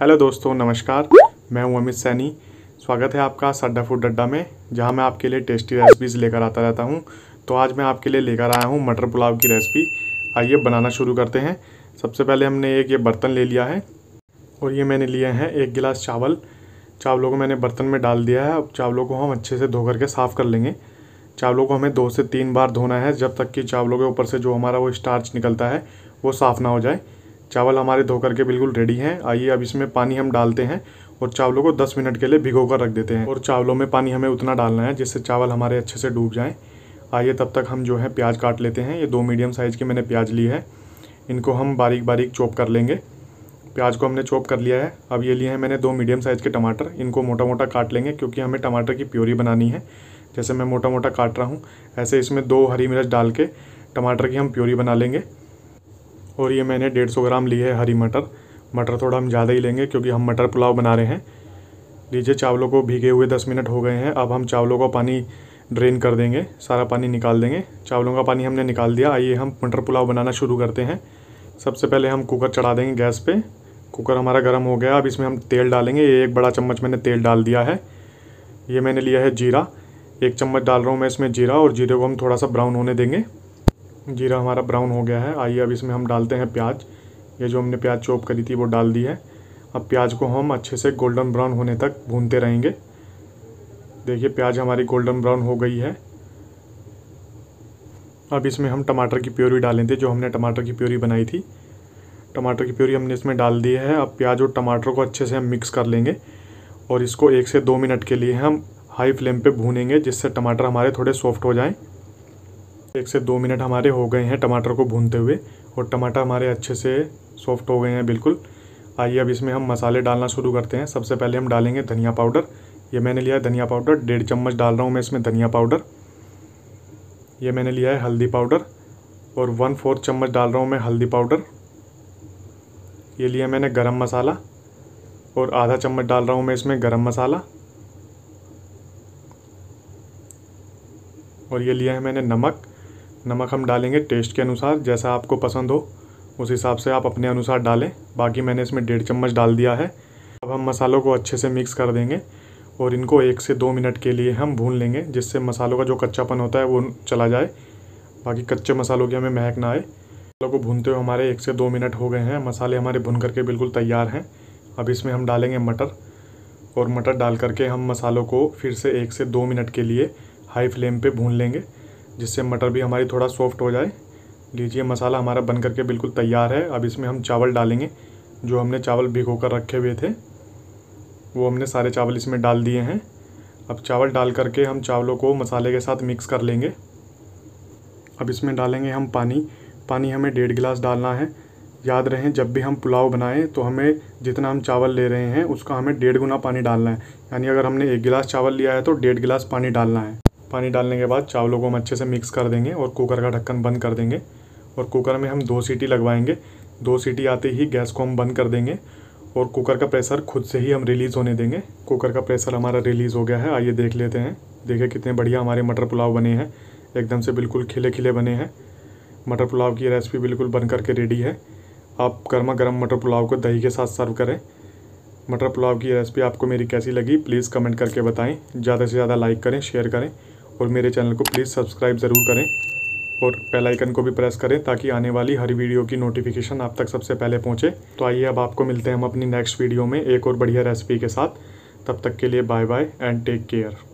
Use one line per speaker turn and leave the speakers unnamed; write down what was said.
hello दोस्तों नमस्कार मैं हूं अमित सैनी स्वागत है आपका सड्डा फूड अड्डा में जहां मैं आपके लिए टेस्टी रेसिपीज़ लेकर आता रहता हूं तो आज मैं आपके लिए लेकर आया हूं मटर पुलाव की रेसिपी आइए बनाना शुरू करते हैं सबसे पहले हमने एक ये बर्तन ले लिया है और ये मैंने लिए हैं एक गिलास चावल चावलों को मैंने बर्तन में डाल दिया है अब चावलों को हम अच्छे से धो करके साफ़ कर लेंगे चावलों को हमें दो से तीन बार धोना है जब तक कि चावलों के ऊपर से जो हमारा वो स्टार्च निकलता है वो साफ़ ना हो जाए चावल हमारे धो के बिल्कुल रेडी हैं आइए अब इसमें पानी हम डालते हैं और चावलों को 10 मिनट के लिए भिगो कर रख देते हैं और चावलों में पानी हमें उतना डालना है जिससे चावल हमारे अच्छे से डूब जाएँ आइए तब तक हम जो है प्याज काट लेते हैं ये दो मीडियम साइज़ की मैंने प्याज ली है इनको हम बारीक बारीक चॉप कर लेंगे प्याज को हमने चॉप कर लिया है अब ये लिए हैं मैंने दो मीडियम साइज़ के टमाटर इनको मोटा मोटा काट लेंगे क्योंकि हमें टमाटर की प्योरी बनानी है जैसे मैं मोटा मोटा काट रहा हूँ ऐसे इसमें दो हरी मिर्च डाल के टमाटर की हम प्योरी बना लेंगे और ये मैंने डेढ़ सौ ग्राम ली है हरी मटर मटर थोड़ा हम ज़्यादा ही लेंगे क्योंकि हम मटर पुलाव बना रहे हैं लीजिए चावलों को भीगे हुए दस मिनट हो गए हैं अब हम चावलों का पानी ड्रेन कर देंगे सारा पानी निकाल देंगे चावलों का पानी हमने निकाल दिया आइए हम मटर पुलाव बनाना शुरू करते हैं सबसे पहले हम कुकर चढ़ा देंगे गैस पर कुकर हमारा गर्म हो गया अब इसमें हम तेल डालेंगे ये एक बड़ा चम्मच मैंने तेल डाल दिया है ये मैंने लिया है जीरा एक चम्मच डाल रहा हूँ मैं इसमें जीरा और जीरे को हम थोड़ा सा ब्राउन होने देंगे जीरा हमारा ब्राउन हो गया है आइए अब इसमें हम डालते हैं प्याज ये जो हमने प्याज चॉप करी थी वो डाल दी है अब प्याज को हम अच्छे से गोल्डन ब्राउन होने तक भूनते रहेंगे देखिए प्याज हमारी गोल्डन ब्राउन हो गई है अब इसमें हम टमाटर की प्योरी डालेंगे जो हमने टमाटर की प्योरी बनाई थी टमाटर की प्योरी हमने इसमें डाल दी है अब प्याज और टमाटर को अच्छे से हम मिक्स कर लेंगे और इसको एक से दो मिनट के लिए हम हाई फ्लेम पे भूनेंगे जिससे टमाटर हमारे थोड़े सॉफ्ट हो जाएं एक से दो मिनट हमारे हो गए हैं टमाटर को भूनते हुए और टमाटर हमारे अच्छे से सॉफ्ट हो गए हैं बिल्कुल आइए अब इसमें हम मसाले डालना शुरू करते हैं सबसे पहले हम डालेंगे धनिया पाउडर ये मैंने लिया है धनिया पाउडर डेढ़ चम्मच डाल रहा हूँ मैं इसमें धनिया पाउडर ये मैंने लिया है हल्दी पाउडर और वन फोर्थ चम्मच डाल रहा हूँ मैं हल्दी पाउडर ये लिया मैंने गरम मसाला और आधा चम्मच डाल रहा हूँ मैं इसमें गरम मसाला और ये लिया है मैंने नमक नमक हम डालेंगे टेस्ट के अनुसार जैसा आपको पसंद हो उस हिसाब से आप अपने अनुसार डालें बाकी मैंने इसमें डेढ़ चम्मच डाल दिया है अब हम मसालों को अच्छे से मिक्स कर देंगे और इनको एक से दो मिनट के लिए हम भून लेंगे जिससे मसालों का जो कच्चापन होता है वो चला जाए बाकी कच्चे मसालों की हमें महक ना आए मसालों को भूनते हुए हमारे एक से दो मिनट हो गए हैं मसाले हमारे भुन करके बिल्कुल तैयार हैं अब इसमें हम डालेंगे मटर और मटर डाल करके हम मसालों को फिर से एक से दो मिनट के लिए हाई फ्लेम पर भून लेंगे जिससे मटर भी हमारी थोड़ा सॉफ्ट हो जाए लीजिए मसाला हमारा बन करके बिल्कुल तैयार है अब इसमें हम चावल डालेंगे जो हमने चावल भिगो कर रखे हुए थे वो हमने सारे चावल इसमें डाल दिए हैं अब चावल डाल करके हम चावलों को मसाले के साथ मिक्स कर लेंगे अब इसमें डालेंगे हम पानी पानी हमें डेढ़ गिलास डालना है याद रहें जब भी हम पुलाव बनाएं तो हमें जितना हम चावल ले रहे हैं उसका हमें डेढ़ गुना पानी डालना है यानी अगर हमने एक गिलास चावल लिया है तो डेढ़ गिलास पानी डालना है पानी डालने के बाद चावलों को हम अच्छे से मिक्स कर देंगे और कुकर का ढक्कन बंद कर देंगे और कुकर में हम दो सीटी लगवाएंगे दो सीटी आते ही गैस को हम बंद कर देंगे और कुकर का प्रेशर खुद से ही हम रिलीज़ होने देंगे कुकर का प्रेशर हमारा रिलीज़ हो गया है आइए देख लेते हैं देखिए कितने बढ़िया हमारे मटर पुलाव बने हैं एकदम से बिल्कुल खिले खिले बने हैं मटर पुलाव की रेसिपी बिल्कुल बन करके रेडी है आप गर्मा गर्म मटर पुलाव को दही के साथ सर्व करें मटर पुलाव की रेसिपी आपको मेरी कैसी लगी प्लीज़ कमेंट करके बताएं ज़्यादा से ज़्यादा लाइक करें शेयर करें और मेरे चैनल को प्लीज़ सब्सक्राइब ज़रूर करें और बेल आइकन को भी प्रेस करें ताकि आने वाली हर वीडियो की नोटिफिकेशन आप तक सबसे पहले पहुंचे तो आइए अब आपको मिलते हैं हम अपनी नेक्स्ट वीडियो में एक और बढ़िया रेसिपी के साथ तब तक के लिए bye bye and take care